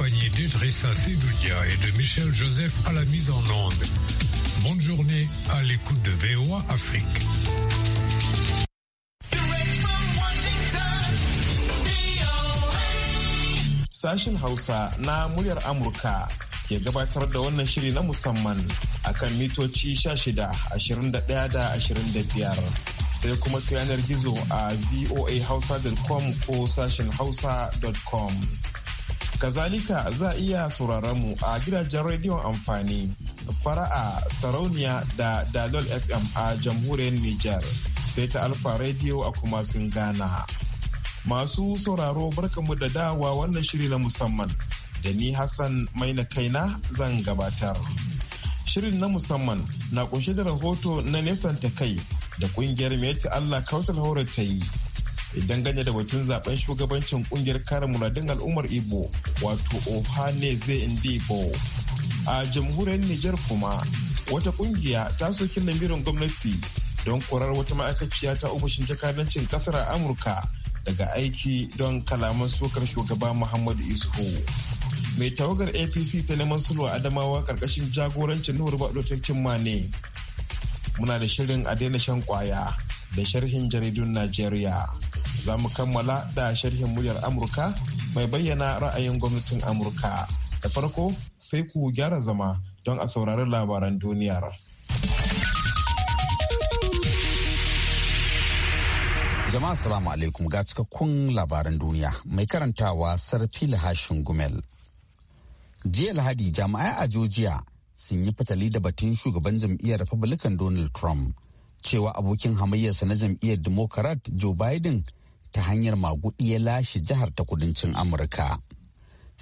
accompagné d'Idrissa Sedoulia et de Michel Joseph à la mise en onde. Bonne journée à l'écoute de VOA Afrique. Sashen Hausa na muryar Amurka ke gabatar da wannan shiri na musamman akan mitoci 16, 21 da 25 sai kuma ta yanar gizo a voahausa.com ko sashen hausa.com. Kazalika za a iya sauraron mu a gidajen rediyon amfani fara'a sarauniya da dalol fm a jamhuriyar Nijar sai ta alfa Radio a kuma sun gana. Masu sauraro barkamu da dawa wannan shiri na musamman da ni Hassan maina kaina zan gabatar. Shirin na musamman na kunshe da rahoto na nesanta kai da kungiyar Meti Allah Kautal Hore ta yi idan ganye da batun zaben shugabancin kungiyar kare muradun al'ummar ibo wato Ohane zai Ndibo. A jamhuriyar Nijar kuma wata kungiya ta soki lamirin gwamnati don korar wata ma'aikaciya ta ofishin jakadancin kasar Amurka daga aiki don kalaman sokar shugaba Muhammadu Isu. Mai tawagar APC ta neman sulwa Adamawa karkashin jagorancin Nuhur baɗotaccen ta ne. Muna da shirin a daina shan kwaya da sharhin jaridun Najeriya. za mu kammala da sharhin muryar amurka mai bayyana ra'ayin gwamnatin amurka da farko sai ku gyara zama don a saurari labaran duniyar jama'a salamu alaikum ga cikakkun labaran duniya mai karantawa sarfil hashin gumel jiya lahadi jami'ai a georgia sun yi fatali da batun shugaban jam'iyyar republican donald trump cewa abokin hamayyarsa na jam'iyyar democrat joe biden ta hanyar magudi ya lashe jihar ta kudancin amurka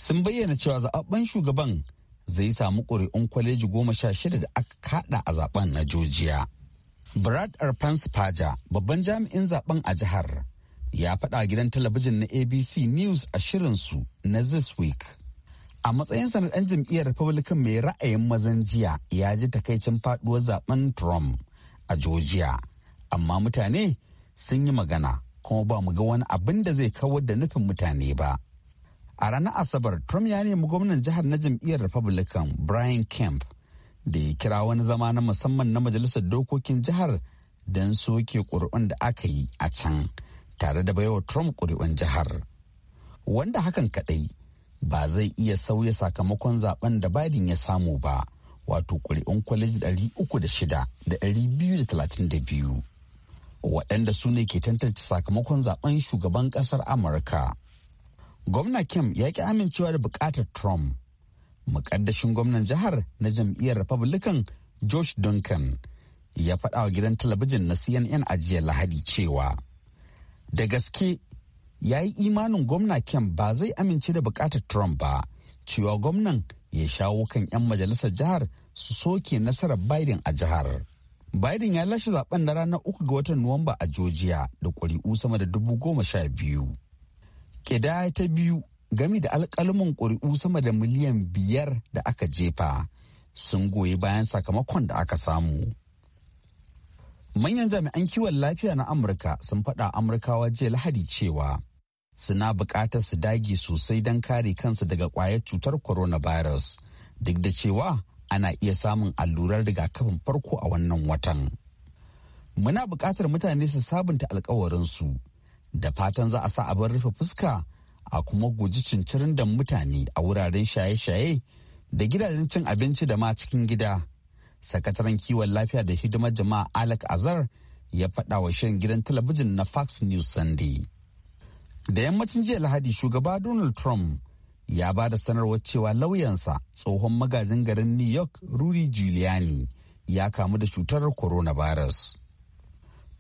sun bayyana cewa zaɓaɓɓen shugaban zai samu ƙuri'un kwaleji goma sha shida da aka kaɗa a zaɓen na jojiya brad arpans paja babban jami'in zaɓen a jihar ya faɗa gidan talabijin na abc news a shirinsu na this week a matsayinsa na ɗan jam'iyyar republican mai ra'ayin mazan jiya ya ji takaicin faɗuwar zaɓen trump a georgia amma mutane sun yi magana kuma ba mu ga wani abin da zai kawar da nufin mutane ba a ranar asabar trump ya nemi gwamnan jihar na jam'iyyar republican brian kemp da ya kira wani zama na musamman na majalisar dokokin jihar don soke ƙuri'un da aka yi a can tare da baiwa trump ƙuri'un jihar wanda hakan kaɗai ba zai iya sauya sakamakon zaben da biden ya samu ba wato ƙuri'un kwaleji 306 da 232 waɗanda su ne ke tantance sakamakon zaben shugaban ƙasar amurka gwamna kim ya ki amincewa da buƙatar trump muƙaddashin gwamnan jihar na jam'iyyar republican josh duncan ya faɗa wa gidan talabijin na cnn a jiya lahadi cewa da gaske ya yi imanin gwamna kim ba zai amince da buƙatar trump ba cewa gwamnan ya shawo kan 'yan majalisar jihar su soke nasarar biden a jihar. Biden ya lashe zaben na ranar uku ga watan Nuwamba a Georgia da ƙuri'u sama da dubu goma sha biyu. Ƙidaya ta biyu gami da alƙalumin ƙuri'u sama da miliyan biyar da aka jefa sun goyi bayan sakamakon da aka samu. Manyan jami'an kiwon lafiya na Amurka sun faɗa Amurkawa jiya Lahadi cewa suna buƙatar su dage sosai don kare kansu daga ƙwayar cutar coronavirus duk da cewa ana iya samun allurar rigakafin farko a wannan watan. Muna buƙatar mutane su sabunta alkawarinsu da fatan za a sa abin rufe fuska a kuma guji cincirin da mutane a wuraren shaye-shaye da gidajen cin abinci da ma cikin gida. Sakataren kiwon lafiya da hidimar jama'a Alec Azar ya faɗa wa shirin gidan talabijin na Fox News Sunday. Da yammacin jiya Lahadi shugaba Donald Trump ya ba da sanarwar cewa lauyansa tsohon magajin garin new york rudy giuliani ya kamu da cutar coronavirus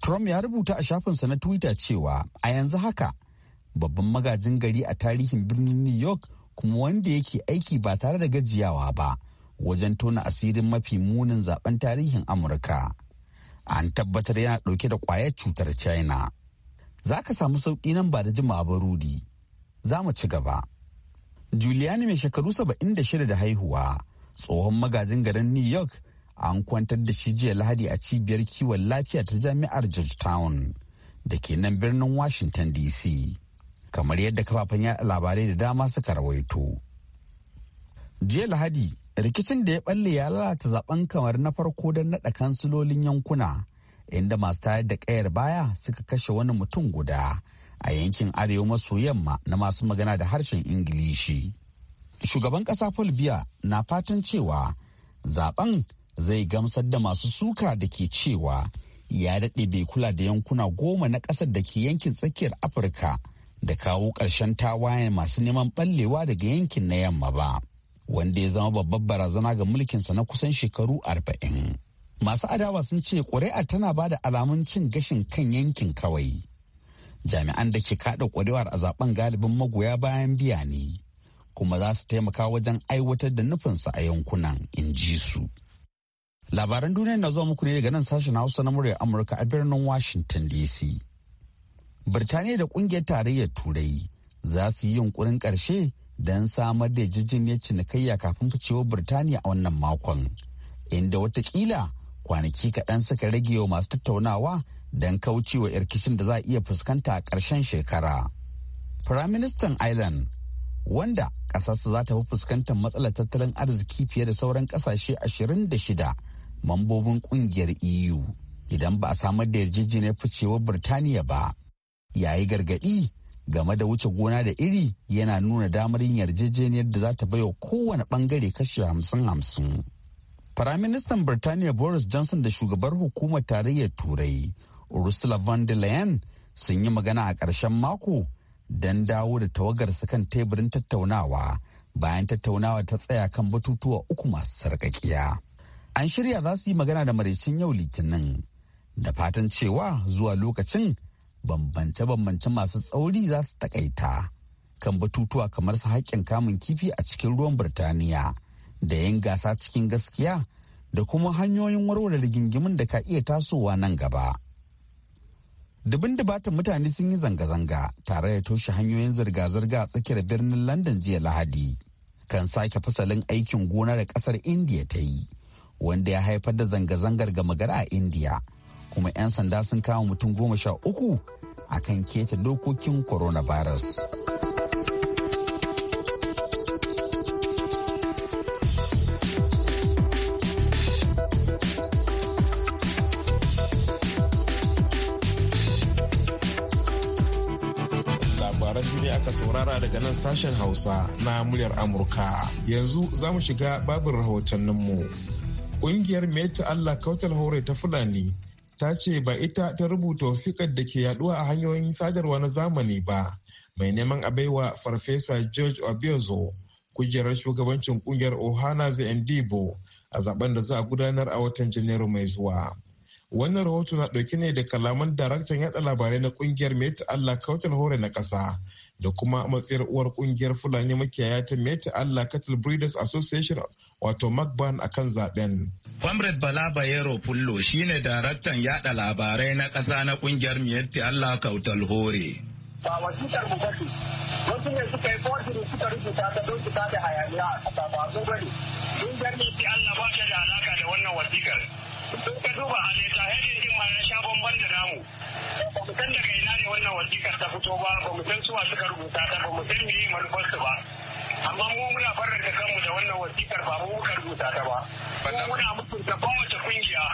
trump ya rubuta a shafinsa na twitter cewa a yanzu haka babban magajin gari a tarihin birnin new york kuma wanda yake aiki ba tare da gajiyawa ba wajen tona asirin mafi munin zaben tarihin amurka an tabbatar yana dauke da kwayar cutar china za ka samu sauki nan ba da jimawa ba rudi za mu ci gaba juliani mai shekaru 76 da haihuwa tsohon magajin garin New York an kwantar da shi jiya lahadi a cibiyar kiwon lafiya ta jami'ar Georgetown da ke nan birnin Washington DC. Kamar yadda kafafen yaɗa labarai da dama suka rawaito. Jiya lahadi rikicin da ya balle ya lalata zaben kamar na farko don naɗa kansilolin yankuna inda masu tayar da ƙayar baya suka kashe wani mutum guda a yankin arewa maso yamma na masu magana da harshen ingilishi shugaban ƙasa paul na fatan cewa zaben zai gamsar da masu suka da ke cewa ya daɗe bai kula da yankuna goma na ƙasar da ke yankin tsakiyar afirka da kawo ƙarshen tawayen masu neman ɓallewa daga yankin na yamma ba wanda ya zama babbar barazana ga mulkinsa na kusan shekaru arba'in masu adawa sun ce ƙuri'a tana ba da alamun cin gashin kan yankin kawai jami'an da ke kada kwarewar a zaben galibin magoya bayan biya ne kuma za su taimaka wajen aiwatar da nufinsa a yankunan in ji su labaran duniya na zuwa muku ne daga nan sashen hausa na murya amurka a birnin washington dc birtaniya da kungiyar tarayyar turai za su yi yunkurin karshe don samar da yarjejeniyar cinikayya kafin ficewar birtaniya a wannan makon inda watakila kwanaki kaɗan suka rage wa masu tattaunawa don kaucewa irkishin da za a iya fuskanta a ƙarshen shekara. Firaministan Ireland wanda ƙasarsa za ta fi fuskantar matsalar tattalin arziki fiye da sauran ƙasashe 26 mambobin ƙungiyar EU idan ba a samar da yarjejeniyar ficewar Birtaniya ba. Yayi gargaɗi game da wuce gona da iri yana nuna damar yin yarjejeniyar da za ta baiwa kowane ɓangare kashe hamsin-hamsin. Firaministan Birtaniya Boris Johnson da shugabar hukumar tarayyar Turai ursula von der leyen sun yi magana a ƙarshen mako don dawo da tawagarsu kan teburin tattaunawa bayan tattaunawa ta tsaya kan batutuwa uku masu sarƙaƙiya. An shirya za su yi magana da maraicin yau litinin da fatan cewa zuwa lokacin bambance-bambance masu tsauri za su takaita kan batutuwa kamar su haƙƙin kamun kifi a cikin ruwan Birtaniya da yin gasa cikin gaskiya da kuma hanyoyin warware rigingimin da ka iya tasowa nan gaba. dubin dubatan mutane sun yi zanga-zanga tare da toshe hanyoyin zirga-zirga a tsakiyar birnin london jiya lahadi kan sake fasalin aikin gona da kasar india ta yi wanda ya haifar da zanga-zangar gama gari a india kuma 'yan sanda sun kama mutum goma sha uku a kan keta dokokin coronavirus. ne aka saurara daga nan sashen Hausa na muryar Amurka. Yanzu za mu shiga babin rahotanninmu. Ƙungiyar Meta Allah Kautal Hore ta Fulani ta ce ba ita ta rubuta wasiƙar da ke yaduwa a hanyoyin sadarwa na zamani ba. Mai neman a baiwa Farfesa George obiozo kujerar shugabancin ƙungiyar Ohana Ndibo a zaben da za a gudanar a watan Janairu mai zuwa. wannan rahoto na ɗauki ne da kalaman daraktan yada labarai na kungiyar meta allah kautal hore na ƙasa da kuma matsayar uwar kungiyar fulani makiyaya ta meta allah cattle breeders association wato macban a kan zaben Comrade Bala Bayero shi shine daraktan yada labarai na ƙasa na kungiyar Mietti Allah Kautal Hore. Ba wasikar mu wasu ne suka yi forgery suka rubuta ta don su da hayaniya a ƙasa ba su bane. Kungiyar Mietti Allah ba ta da alaka da wannan wasikar. sun ka duba a leta hedin din ma ya sha bamban da namu ba mu san daga ina ne wannan wasikar ta fito ba ba mu san suwa suka rubuta ta ba mu san me manufarsu ba amma mu muna faranta kanmu da wannan wasikar ba mu muka rubuta ta ba mu muna mutunta kowace kungiya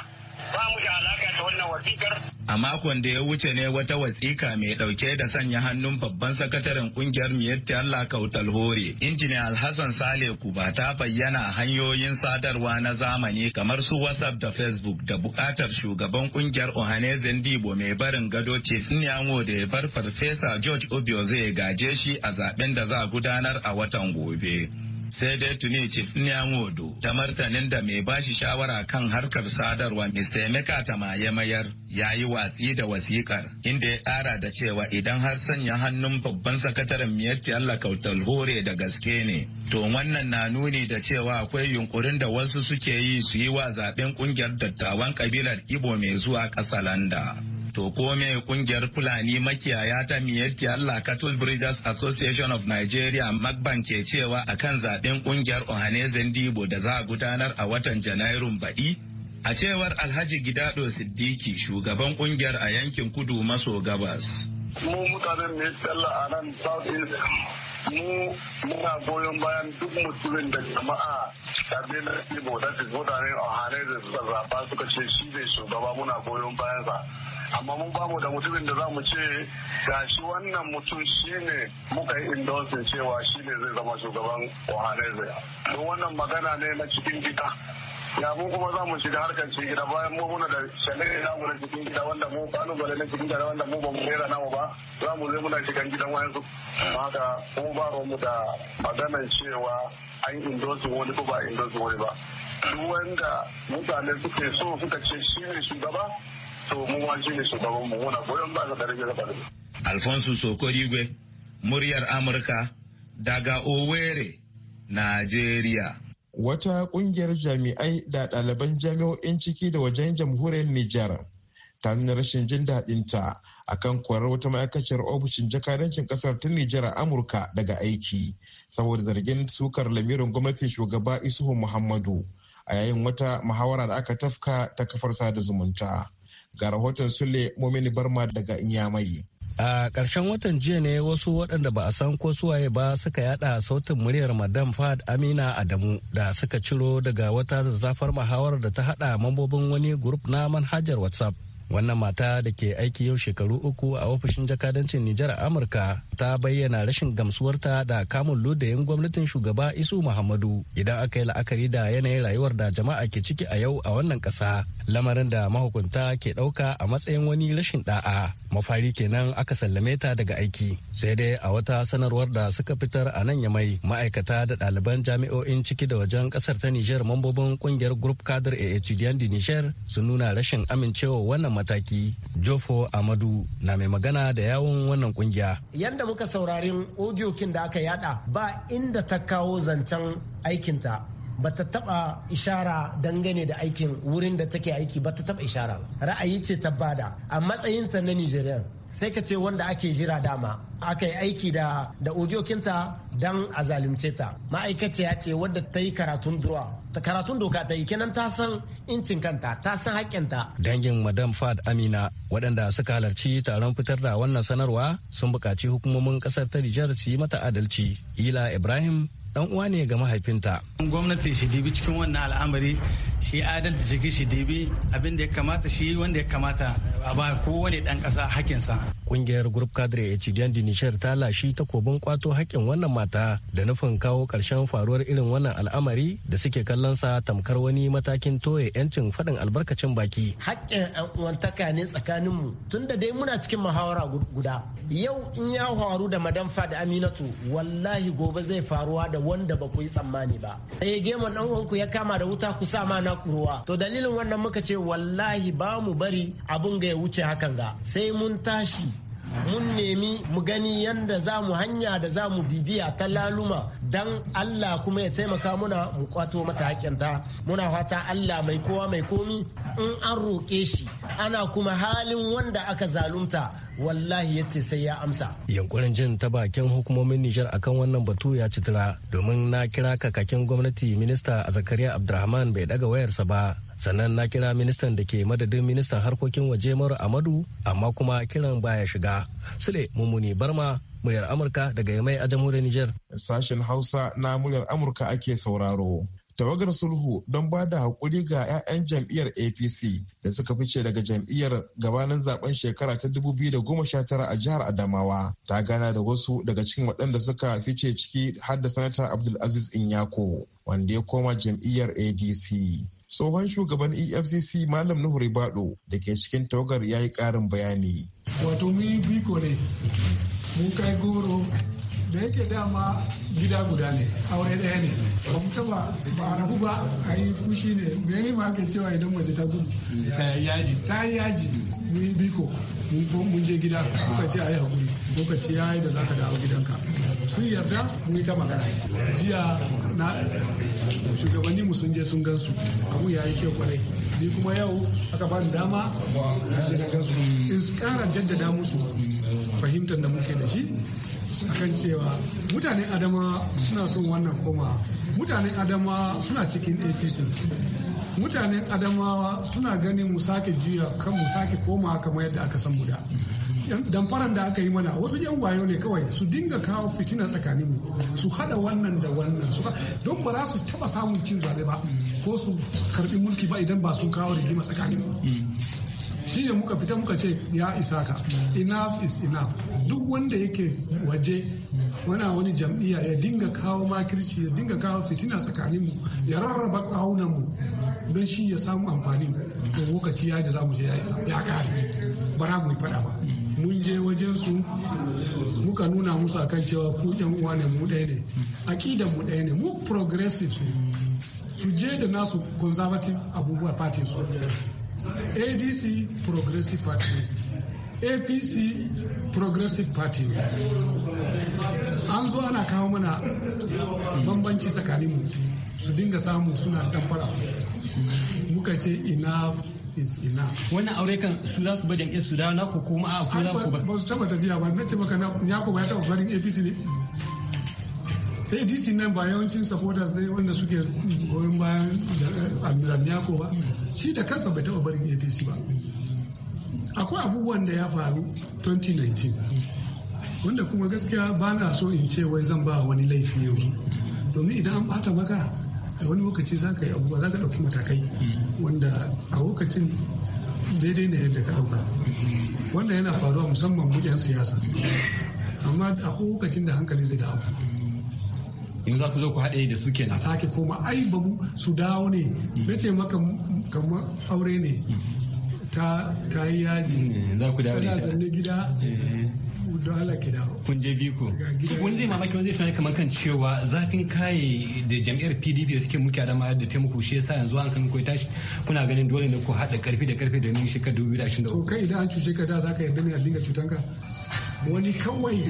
ba mu da alaka da wannan wasikar. A makon da ya wuce ne wata wasika mai dauke da sanya hannun babban sakataren kungiyar Miyatti Allah Kautal Hore, injiniya Alhassan Sale Kuba ta bayyana hanyoyin sadarwa na zamani kamar su WhatsApp da Facebook da bukatar shugaban kungiyar Ohanezen Dibo mai barin gado Chief Nyango da ya bar Farfesa George Obio zai gaje shi a zaben da za a gudanar a watan gobe. sai dai tuni Chifnia wodo da martanin da mai bashi shawara kan harkar sadarwa Mr. Emeka maye Mayar ya yi watsi da wasikar inda ya ƙara da cewa idan har sanya hannun babban sakataren miyatti Allah Kautal Hore da gaske ne to wannan na nuni da cewa akwai yunkurin da wasu suke yi su yi wa zaben kungiyar dattawan kabilar Ibo mai zuwa ƙasa landa. To ko me kungiyar Fulani makiyaya ta Miyetti Allah Cattle Breeders Association of Nigeria Magban ke cewa akan zaben kungiyar Ohanezen Dibo da za a gudanar a watan Janairun baɗi? A cewar Alhaji Gidado Siddiki shugaban kungiyar a yankin kudu maso gabas. Mu mutanen ne a nan South East mu muna goyon bayan duk mutumin da jama'a na ibo da su mutane a hane da suka zaba suka ce shi ne shugaba muna goyon bayansa amma mun bamu da mutumin da za mu ce ga shi wannan mutum shi ne muka yi indonsin cewa shi ne zai zama shugaban ohaneze don wannan magana ne na cikin gida ya mu kuma za mu shiga harkar cikin gida bayan mu muna da shanin namu na cikin gida wanda mu kalubale na cikin gida wanda mu ba mu rera namu ba za mu zai muna shigan gidan su haka mu ba mu da maganar cewa an indosu wani ko ba indosu wani ba duk wanda mutane suke so suka ce shi ne shugaba to mu ma shi ne shugaban mu muna goyon ba da rage da Alfonso Sokorigwe muryar Amurka daga Owerri Nigeria. wata kungiyar jami'ai da ɗaliban jami'o'in ciki da wajen jamhuriyar Nijar ta nuna rashin jin daɗinta a kan korar wata ma'aikaciyar ofishin jakadancin ƙasar ta Nijar a Amurka daga aiki saboda zargin sukar lamirin gwamnatin shugaba Isuhu Muhammadu a yayin wata muhawara da aka tafka ta kafar sada zumunta. Ga rahoton Sule Momini Barma daga Inyamai. a karshen watan jiya ne wasu waɗanda ba a san ko suwaye ba suka yada sautin muryar madam fad amina adamu da suka ciro daga wata zazzafar muhawar da ta haɗa mambobin wani grup na manhajar whatsapp wannan mata da ke aiki yau shekaru uku a ofishin jakadancin nijar a amurka ta bayyana rashin gamsuwarta da kamun lodayin gwamnatin shugaba isu muhammadu idan aka yi la'akari da yanayin rayuwar da jama'a ke ciki a yau a wannan kasa lamarin da mahukunta ke ɗauka a matsayin wani rashin da'a mafari kenan aka sallame ta daga aiki sai dai a wata sanarwar da suka fitar a nan yamai ma'aikata da ɗaliban jami'o'in ciki da wajen ƙasar ta nijar mambobin ƙungiyar group cadre a etudiant nijar sun nuna rashin amincewa wannan mataki jofo amadu na mai magana da yawon wannan kungiya yadda muka saurarin kin da aka yada ba inda ta kawo zancen aikinta ba ta taba ishara dangane da aikin wurin da take aiki ba ta taba ishara ra'ayi ce ta bada a matsayinta na nigeria. sai ka ce wanda ake jira dama aka yi aiki da da ojokinta don a zalunce ta ma'aikaciya ce wadda ta yi karatun duwa ta karatun doka ta yi kenan ta san incin kanta ta san haƙƙinta. dangin madam fad amina waɗanda suka halarci taron fitar da wannan sanarwa sun buƙaci hukumomin ƙasar ta nijar su yi mata adalci ila ibrahim dan uwa ne ga mahaifinta gwamnati shi dibi cikin wannan al'amari shi adalta ciki shi dibi abin da ya kamata shi wanda ya kamata a ba kowane dan kasa hakinsa. Kungiyar Group Cadre Etudiant di Nishar ta lashi takobin kwato hakkin wannan mata da nufin kawo karshen faruwar irin wannan al'amari da suke kallon sa tamkar wani matakin toye yancin faɗin albarkacin baki. Hakkin wantaka ne tsakanin mu da dai muna cikin muhawara guda. Yau in ya faru da madamfa da Aminatu wallahi gobe zai faruwa da wanda ba ku yi tsammani ba. Ɗaya gemon ɗan uwanku ya kama da wuta ku sa ma na ruwa to dalilin wannan muka ce wallahi ba mu bari abun ga ya wuce hakan ga sai mun tashi mun nemi mu gani yadda za mu hanya da za mu bibiya ta laluma don Allah kuma ya taimaka muna mu kwato mata hakinta muna fata Allah mai kowa mai komi in an roƙe shi ana kuma halin wanda aka zalunta wallahi yace sai ya amsa yankurin jin ta bakin hukumomin Nijar akan wannan batu ya citira domin na kira kakakin gwamnati minista Zakariya Abdulrahman bai daga wayarsa ba sannan na kira ministan da ke madadin ministan harkokin waje mara amadu amma kuma kiran baya shiga sule mummuni barma muryar amurka daga yamai a jamhuriyar niger sashen hausa na muryar amurka ake sauraro tawagar sulhu don ba da haƙuri ga 'ya'yan jam'iyyar apc da suka fice daga jam'iyyar gabanin zaben shekara ta 2019 a jihar adamawa ta gana da wasu daga cikin waɗanda suka fice ciki har da sanata abdulaziz inyako wanda ya koma jam'iyyar adc tsohon shugaban efcc malam nuhu ribado da ke cikin tawagar ya yi karin bayani wato mini biko ne mun kai goro da yake dama gida guda ne aure ɗaya ne ba mu taba ba rabu ba a yi fushi ne gani ma ke cewa idan mace ta gudu ta yaji yaji mun yi biko mun je gida kuka ce ayi hakuri lokaci ya yi da za ka dawo gidanka sun yarda mun yi ta magana jiya na shugabanni mu sun je sun gansu abu ya yi kyau kwarai ni kuma yau aka ba dama in su in kara jaddada musu fahimtar da muke da shi akan cewa mutanen adama suna son wannan koma mutanen adama suna cikin apc mutanen adamawa suna ganin mu sake juya kan mu sake koma kamar yadda aka san mu da damfaran da aka yi mana wasu yan wayo ne kawai su dinga kawo fitina tsakanin mu su hada wannan da wannan su don ba za su taba samun cin zabe ba ko su karbi mulki ba idan ba sun kawo rigima tsakanin mu shi ne muka fita muka ce ya isa ka enough is enough duk wanda yake waje wana wani jam'iyya ya dinga kawo makirci ya dinga kawo fitina tsakanin mu ya rarraba kawunan mu don shi ya samu amfani da lokaci ya da za mu je ya isa ya kare bara mu yi fada ba mun je wajen su muka nuna musu akan cewa ku yan uwa ne mu ɗaya ne akidan mu ɗaya ne mu progressive su je da nasu conservative abubuwa party su adc progressive party apc progressive party an zo ana kawo mana bambanci tsakaninmu su dinga samu suna damfara muka ce enough wannan aure kan su za su bajan jam'iyyar su dawo na ku kuma a ku za ku ba ba su taba tafiya ba na ce maka na ya ko ya taba barin APC ne ADC nan ba yawancin supporters ne wanda suke goyon bayan Amiyako eh, ba shi da kansa bai taba barin APC ba akwai abubuwan da ya faru 2019 wanda kuma gaskiya ba na so in ce wai zan ba wani laifi yanzu domin idan an bata maka a wani lokaci za ka yi abubuwa za ka ɗauki matakai wanda a lokacin daidai ne yadda ka ɗauka wanda yana faruwa musamman mujiyar siyasa amma a lokacin da hankali zai dawo yanzu za ku zo ku haɗe da su kenan sake koma ai babu su dawo ne na ce maka kamar aure ne ta yi yaji za ku dawo da gida eh. kun je biyu ko wani zai mamaki wani zai tunani kamar kan cewa zafin kaye da jam'iyyar PDP da take mulki adama da taimako shi yasa yanzu an kan koyi tashi kuna ganin dole ne ku haɗa karfi da karfi domin shekara 2023 to kai idan an cuce ka da za ka yarda ne a dinga cutanka wani kawai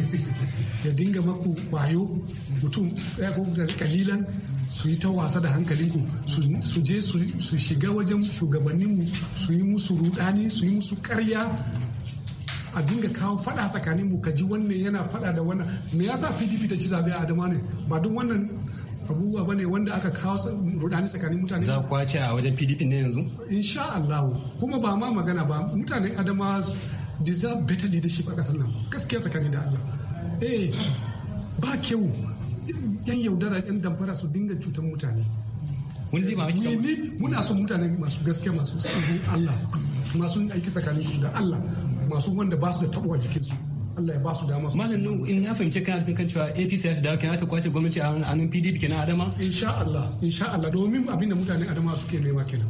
ya dinga maku kwayo mutum ya eh, ko kalilan su yi ta wasa da hankalinku su je su shiga wajen shugabanninmu su yi musu rudani su yi musu karya a dinga kawo fada tsakanin mu kaji wannan yana fada da wannan me yasa PDP ta ci zabe a Adama ne ba duk wannan abubuwa bane wanda aka kawo rudani tsakanin mutane za ku kwace a wajen PDP ne yanzu insha Allah kuma ba ma magana ba mutane Adama deserve better leadership a kasar nan gaskiya tsakanin da Allah eh ba kyau yan yaudara yan damfara su dinga cutar mutane wani zai mamaki muna son mutane masu gaskiya masu Allah masu aiki tsakanin da Allah masu wanda ba su da tabo a su. Allah ya ba su dama malam nu in ya fahimci kana nufin kan cewa APC ya dawo kana ta kwace gwamnati a hannun PDP kenan Adama insha Allah insha Allah domin abin da mutanen Adama suke nema kenan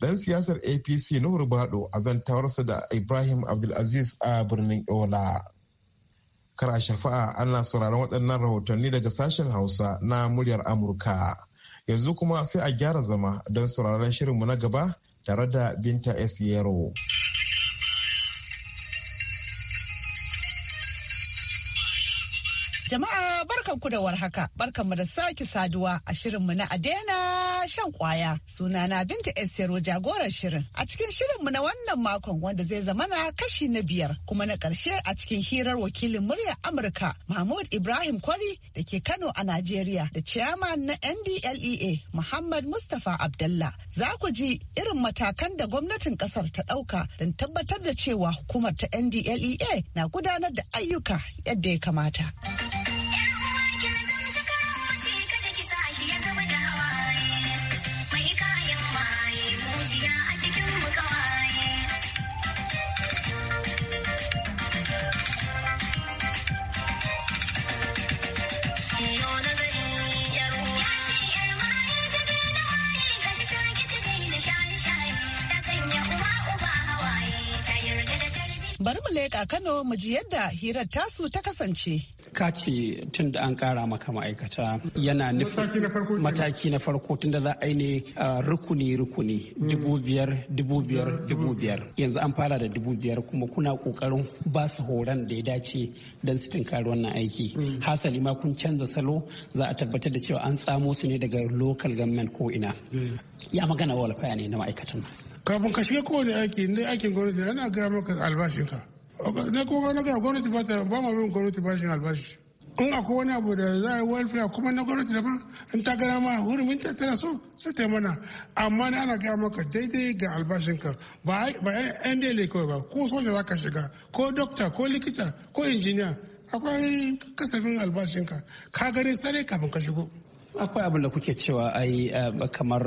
dan siyasar APC Nuhur Bado a zantawarsa da Ibrahim Abdulaziz a birnin Ola kara shafa'a ana sauraron waɗannan rahotanni daga sashen Hausa na muryar Amurka yanzu kuma sai a gyara zama don sauraron shirinmu na gaba tare da Binta S. Yero. Jama'a barkanku da warhaka, barkanmu da sake saduwa a shirin mu na Adena shan kwaya. na Binta Estero jagorar shirin. A cikin shirin mu na wannan makon wanda zai zama na kashi na biyar kuma na ƙarshe a cikin hirar wakilin muryar Amurka Mahmud Ibrahim Kwari da ke Kano a Najeriya da chairman na NDLEA Muhammad Mustapha abdullah Za ku ji irin matakan da gwamnatin ƙasar ta ɗauka don tabbatar da cewa hukumar ta NDLEA na gudanar da ayyuka yadda ya kamata. a Kano mu ji yadda hirar tasu ta kasance. ka ce tun da an kara maka ma'aikata yana nufin mataki na farko tun da za a yi ne rukuni rukuni hmm. dubu biyar dubu biyar dubu biyar yanzu an fara da dubu biyar kuma kuna kokarin ba su horon da ya dace don su tinkari wannan aiki hmm. hasali ma kun canza salo za a tabbatar da cewa an tsamo su ne daga local government ko ina hmm. ya magana walfaya ne na ma'aikatan kafin ka shiga kowane aiki ne aikin gwamnati ana gaya maka albashinka ne kuma na ga gwamnati ba ta ba ma bin gwamnati bashin albashi in akwai wani abu da za a yi welfare kuma na gwamnati ba in ta gana ma hurumin ta tana so sai ta mana amma na ana gaya maka daidai ga albashinka ba yan daidai kawai ba ko soja za ka shiga ko dokta ko likita ko injiniya akwai kasafin albashinka ka gani sare kafin ka shigo akwai abin da kuke cewa ai eh, kamar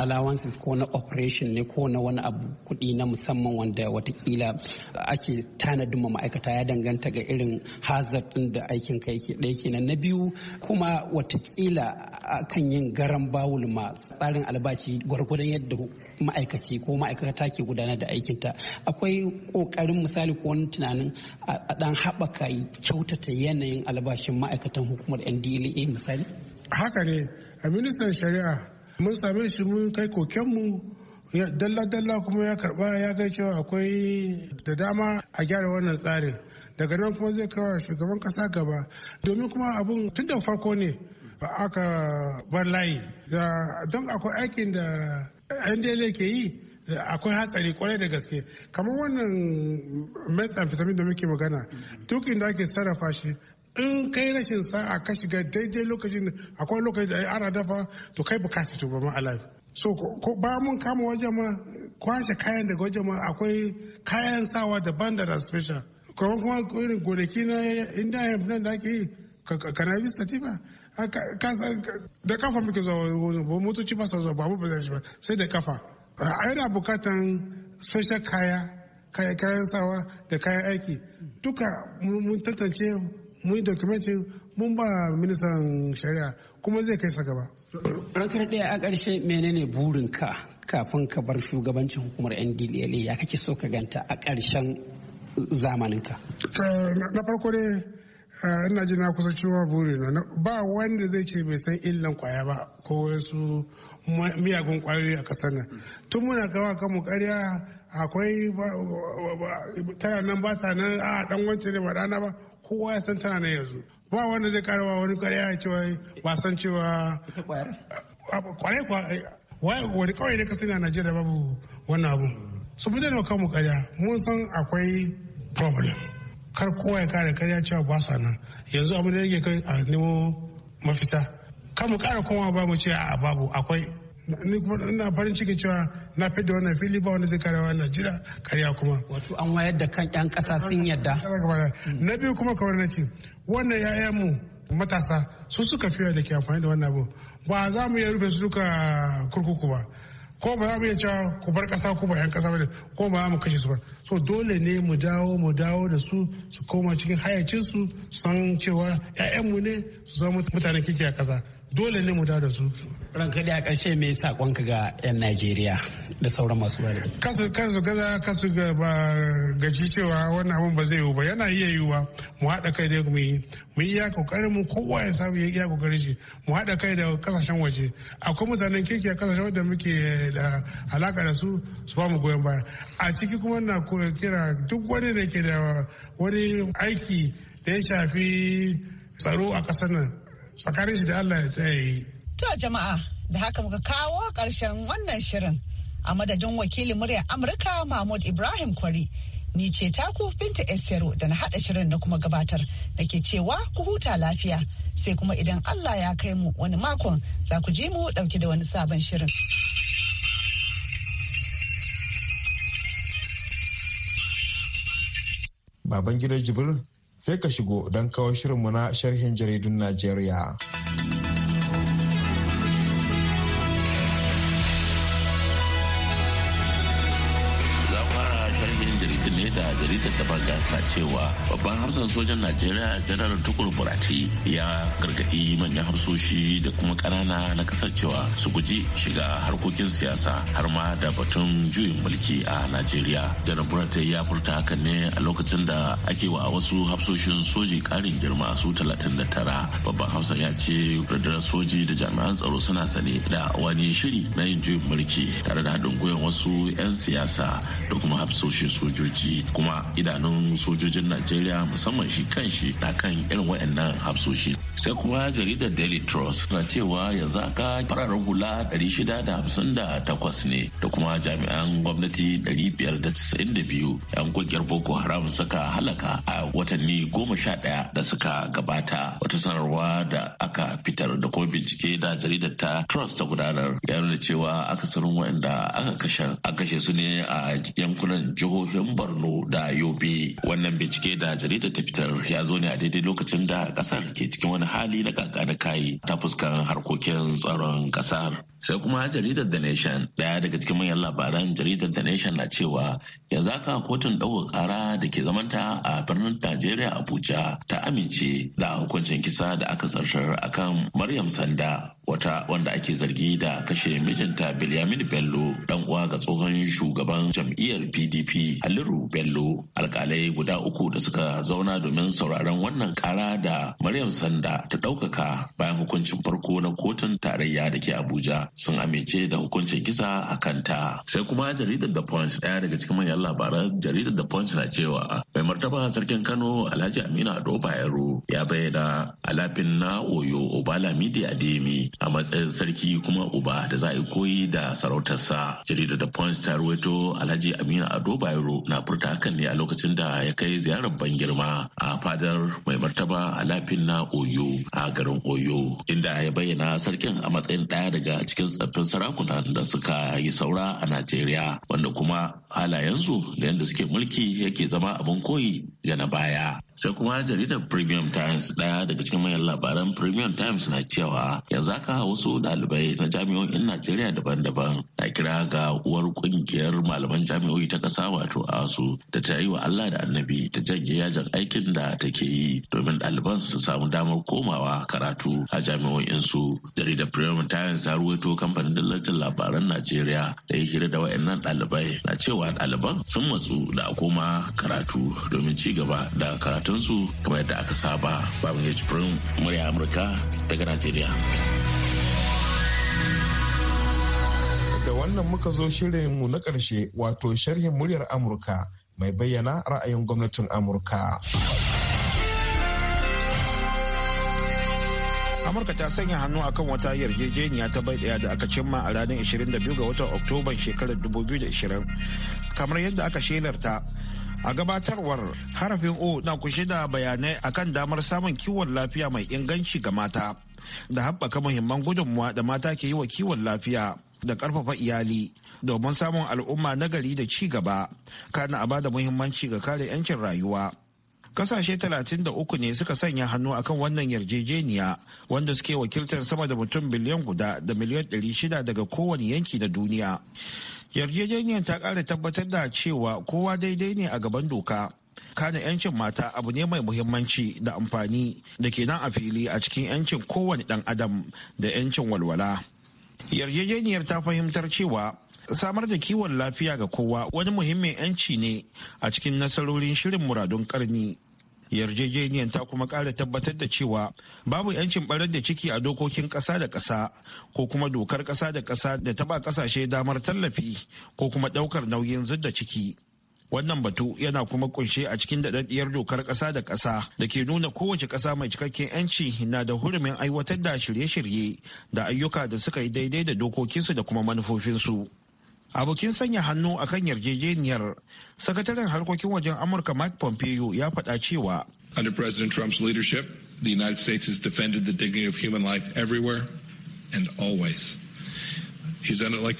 allowances ko na operation ne ko na wani abu kudi na musamman wanda watakila ake tanadin ma'aikata ya danganta ga irin hazard ɗin da aikin ka yake ɗaya kenan na biyu kuma watakila akan yin garan bawul ma tsarin albashi gwargwadon yadda ma'aikaci ko ma'aikata ke gudanar da aikin ta akwai kokarin misali ko wani tunanin a dan haɓaka kyautata yanayin albashin ma'aikatan hukumar ndla misali haka ne a ministan shari'a mun same shi mun kai kokenmu dalla-dalla kuma ya karba ya gai cewa akwai da dama a gyara wannan tsarin daga nan kuma zai kawo shugaban kasa gaba domin kuma abun tun da farko ne ba aka bar layi don akwai aikin da yan dele ke yi akwai hatsari kwarai da gaske kamar wannan methamphetamine da muke magana duk inda ake sarrafa shi in kai rashin sa a ka shiga daidai lokacin akwai lokacin da ana dafa to kai baka fito ba ma alive so ko ba mun kama wajen ma kwashe kayan daga wajen ma akwai kayan sawa da ban da special kuma kuma irin gonaki na inda nan da ake yi cannabis sativa da kafa muke zuwa ba motoci ba sa zuwa babu ba shi ba sai da kafa a yana bukatan special kaya kayan sawa da kayan aiki duka mun tantance mun yi dokumentin mun ba ministan shari'a kuma zai kai sa gaba. rankar ɗaya a ƙarshe menene burinka kafin ka bar shugabancin hukumar ndla ya kake so ka ganta a ƙarshen zamaninka. na farko ne ina ji na kusa cewa burina ba wanda zai ce bai san illan kwaya ba ko wasu miyagun kwayoyi a ƙasar nan tun muna kawa kanmu karya. akwai tana nan ba ta nan a dan wance ne ba dana ba kowa ya san tana nan yanzu ba wanda zai karawa wani karya ya cewa ba san cewa kwarai kwa eh, wani kawai ne kasi na najeriya babu wannan abu su bi da mu karya mun san akwai problem kar kowa ya kare karya cewa ba sa nan yanzu abin da yake kai a nemo mafita kan mu kara kuma ba mu ce a babu akwai ni kuma ina farin ciki cewa na fidda wannan fili ba wanda zai kare wa Najeriya kariya kuma wato an wayar da kan yan kasa sun yadda na biyu kuma kamar na ce wannan ya'yan mu matasa su suka fi da ke amfani da wannan abu ba za mu iya rufe su duka kurkuku ba ko ba za mu iya cewa ku bar kasa ku ba yan kasa bane ko ba za mu kashe su ba so dole ne mu dawo mu dawo da su su koma cikin hayacin su san cewa 'ya'yanmu ne su zama mutanen kirki a kasa dole ne mu da su ranka da ƙarshe me sakonka ga 'yan najeriya da sauran masu bari kasu kasu gaza kasu ga ba gaji cewa wannan abin ba zai yiwu ba yana iya yiwuwa mu haɗa kai da mu yi mu iya ƙoƙarin mu kowa ya samu ya iya ƙoƙarin shi mu haɗa kai da kasashen waje akwai mutanen kirki a kasashen da muke da alaka da su su ba mu goyon baya a ciki kuma na kira duk wani da ke da wani aiki da ya shafi tsaro a ƙasar nan tsakanin shi da Allah ya tsaye to jama'a da haka muka kawo ƙarshen wannan shirin a madadin wakilin muryar amurka mahmud ibrahim kwari ni ce taku binta esero da na haɗa shirin da kuma gabatar da ke cewa ku huta lafiya sai kuma idan allah ya kai mu wani makon za ku ji mu ɗauki da wani sabon shirin baban gidan jibril sai ka shigo don kawo shirinmu na sharhin jaridun Najeriya. Gaban gasa cewa babban hafsan sojan najeriya janar tukur burati ya gargaɗi manyan harsoshi da kuma ƙanana na ƙasar cewa su guji shiga harkokin siyasa har ma da batun juyin mulki a najeriya janar burati ya furta hakan ne a lokacin da ake wa wasu hafsoshin soji karin girma su da tara babban hafsan ya ce rundunar soji da jami'an tsaro suna sane da wani shiri na yin juyin mulki tare da haɗin gwiwa wasu 'yan siyasa da kuma hafsoshin sojoji kuma idan idanun sojojin najeriya musamman shi kan shi na kan irin waɗannan hafsoshi sai kuma jaridar daily trust na cewa yanzu aka farar hula 658 ne da kuma jami'an gwamnati 592 'yan kungiyar boko haram suka halaka a watanni 11 da suka gabata wata sanarwa da aka fitar da kuma bincike da jaridar ta trust ta gudanar ya nuna cewa aka akasarin waɗanda aka kashe su ne a yankunan jihohin borno da yobe gobe wannan bincike da jarida ta fitar ya zo ne a daidai lokacin da kasar ke cikin wani hali na kaka da kayi ta fuskan harkokin tsaron kasar sai kuma jaridar the nation daya daga cikin manyan labaran jaridar the nation na cewa yanzu haka kotun ɗaukar ƙara da ke zamanta a birnin najeriya abuja ta amince da hukuncin kisa da aka zartar akan maryam sanda wata wanda ake zargi da kashe mijinta Bilyamin Bello dan uwa ga tsohon shugaban jam'iyyar PDP aliru Bello alkalai guda uku da suka zauna domin sauraron wannan kara da Maryam Sanda ta ɗaukaka bayan hukuncin farko na kotun tarayya da ke Abuja sun amince da hukuncin kisa a kanta. Sai kuma jaridar The Punch ɗaya daga cikin manyan labaran jaridar The Punch na cewa mai martaba sarkin Kano Alhaji Aminu Ado Bayero ya bayyana alafin na Oyo Obalamidi Ademi a matsayin sarki kuma uba da za a yi koyi da sarautarsa. Jaridar The Punch ta ruwaito Alhaji Aminu Ado Bayero na furta hakan ne a lokacin da ya kai ziyarar ban girma a fadar mai martaba a lafin na Oyo a garin Oyo inda ya bayyana sarkin a matsayin ɗaya daga cikin cikin tsaffin sarakuna da suka yi saura a Najeriya wanda kuma halayensu da yadda suke mulki yake zama abin koyi ga na baya. Sai kuma jaridar Premium Times ɗaya daga cikin manyan labaran Premium Times na cewa yanzu haka wasu ɗalibai na jami'o'in Najeriya daban-daban na kira ga uwar kungiyar malaman jami'o'i ta kasa wato ASU da ta yi wa Allah da Annabi ta janye yajin aikin da take yi domin ɗaliban su samu damar komawa karatu a jami'o'insu. Jaridar Premium Times ta ruwaito rawaito kamfanin dillacin labaran Najeriya da ya hira da wayannan ɗalibai na cewa ɗaliban sun matsu da a koma karatu domin ci gaba da karatunsu kamar yadda aka saba. Babin Yajibirin murya Amurka daga Najeriya. Da wannan muka zo shirin mu na ƙarshe wato sharhin muryar Amurka mai bayyana ra'ayin gwamnatin Amurka. amurka ta sanya hannu akan wata yarjejeniya ta bai daya da aka cimma a ranar 22 ga watan oktoban shekarar 2020 kamar yadda aka shelarta a gabatarwar harafin o na kushe da bayanai akan damar samun kiwon lafiya mai inganci ga mata da haɓaka muhimman gudunmuwa da mata ke yi wa kiwon lafiya da ƙarfafa iyali domin samun al'umma nagari da ci gaba kana a bada muhimmanci ga kare 'yancin rayuwa kasashe 33 ne suka sanya hannu akan wannan yarjejeniya wanda suke wakiltar sama da mutum biliyan guda da miliyan 600 daga kowane yanki na duniya yarjejeniyar ta ƙara tabbatar da cewa kowa daidai ne a gaban doka kana 'yancin mata abu ne mai muhimmanci da amfani da ke nan a fili a cikin 'yancin kowane ɗan adam da 'yancin walwala yarjejeniyar ta fahimtar cewa samar da kiwon lafiya ga kowa wani muhimmin 'yanci ne a cikin nasarorin shirin muradun karni yarjejeniyar ta kuma ƙara tabbatar da cewa babu 'yancin barar da ciki a dokokin ƙasa da ƙasa ko kuma dokar ƙasa da ƙasa da taɓa ƙasashe damar tallafi ko kuma ɗaukar nauyin zudda ciki wannan batu yana kuma kunshe a cikin daɗaɗɗiyar dokar ƙasa da ƙasa da ke nuna kowace ƙasa mai cikakken 'yanci na da hurumin aiwatar da shirye-shirye da ayyuka da suka yi daidai da dokokinsu da kuma manufofinsu. abokin sanya hannu a kan yarjejeniyar sakataren harkokin wajen amurka mike pompeo ya faɗa cewa under president trump's leadership the united states has defended the dignity of human life everywhere and always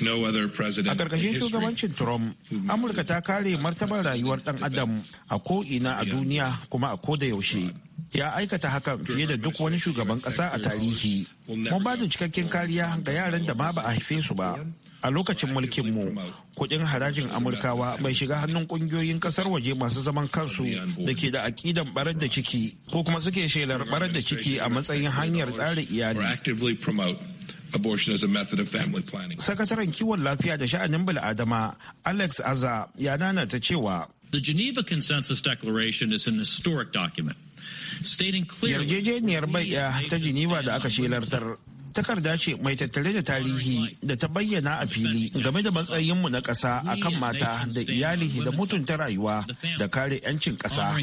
no other president. A ƙarƙashin shugabancin Trump, Amurka ta kare martabar rayuwar ɗan Adam a ko'ina a duniya kuma a ko da yaushe. ya aikata hakan fiye da duk wani shugaban ƙasa a tarihi. Mun ba da cikakken kariya ga yaran da ma ba a haife su ba. a lokacin mulkinmu kuɗin harajin amurkawa bai shiga hannun ƙungiyoyin ƙasar waje masu zaman kansu da ke da akidan barar da ciki ko kuma suke shelar barar da ciki a matsayin hanyar tsara iyali sakataren kiwon lafiya da sha'anin bil'adama alex aza ya nana ta cewa The Geneva Consensus Declaration is an historic document. Yarjejeniyar bai'a ta Geneva da aka shelartar takarda ce mai tattare da tarihi da ta bayyana a fili game da matsayinmu na ƙasa a kan mata da iyali da mutunta rayuwa da kare 'yancin ƙasa.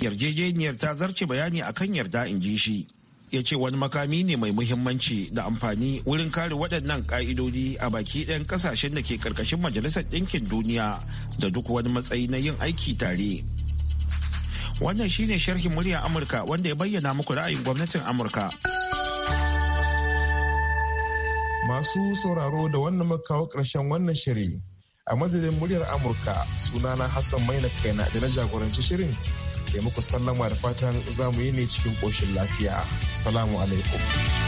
Yarjejeniyar ta zarce bayani a kan yarda in ji shi. ya ce wani makami ne mai muhimmanci da amfani wurin kare waɗannan ƙa'idodi a baki ɗayan ƙasashen da ke ƙarƙashin majalisar ɗinkin duniya da duk wani matsayi na yin aiki tare. Wannan shine sharhin murya Amurka wanda ya bayyana muku ra'ayin gwamnatin Amurka. Masu sauraro da wannan makawo karshen wannan shiri. A madadin muryar Amurka sunana Hassan Maina kaina da na jagoranci shirin ke muku sallama da fatan za mu yi ne cikin koshin lafiya. Salamu alaikum.